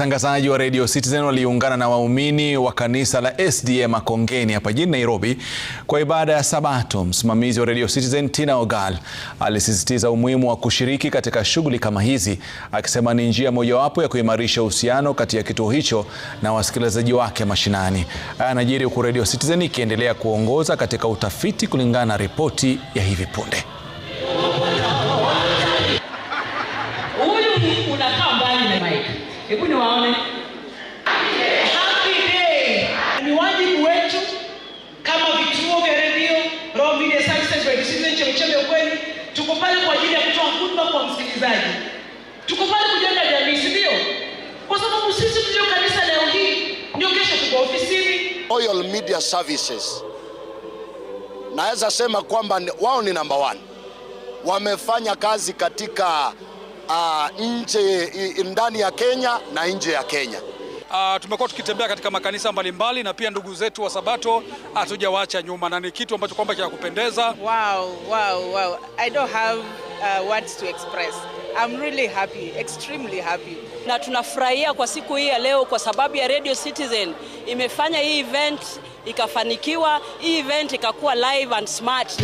Watangazaji wa Radio Citizen waliungana na waumini wa kanisa la SDA Makongeni hapa jijini Nairobi kwa ibada ya Sabato. Msimamizi wa Radio Citizen Tina Ogal alisisitiza umuhimu wa kushiriki katika shughuli kama hizi, akisema ni njia mojawapo ya kuimarisha uhusiano kati ya kituo hicho na wasikilizaji wake mashinani. Haya yanajiri huku Radio Citizen ikiendelea kuongoza katika utafiti kulingana na ripoti ya hivi punde. Hebu niwaone. Ni wajibu wetu kama vituo vya Media Services kwa ajili ya kwa msikilizaji, kujenga jamii, si ndio? Kwa sababu sisi kanisa leo hii, ndio kesho tuko ofisini. Media Services naweza sema kwamba wao ni namba 1 wamefanya kazi katika uh, nje ndani ya Kenya na nje ya Kenya. Uh, tumekuwa tukitembea katika makanisa mbalimbali na pia ndugu zetu wa Sabato hatujawaacha nyuma na ni kitu ambacho kwamba cha kupendeza. Wow, wow, wow. I don't have uh, words to express. I'm really happy, extremely happy. Na tunafurahia kwa siku hii ya leo kwa sababu ya Radio Citizen imefanya hii event ikafanikiwa, hii event ikakuwa live and smart.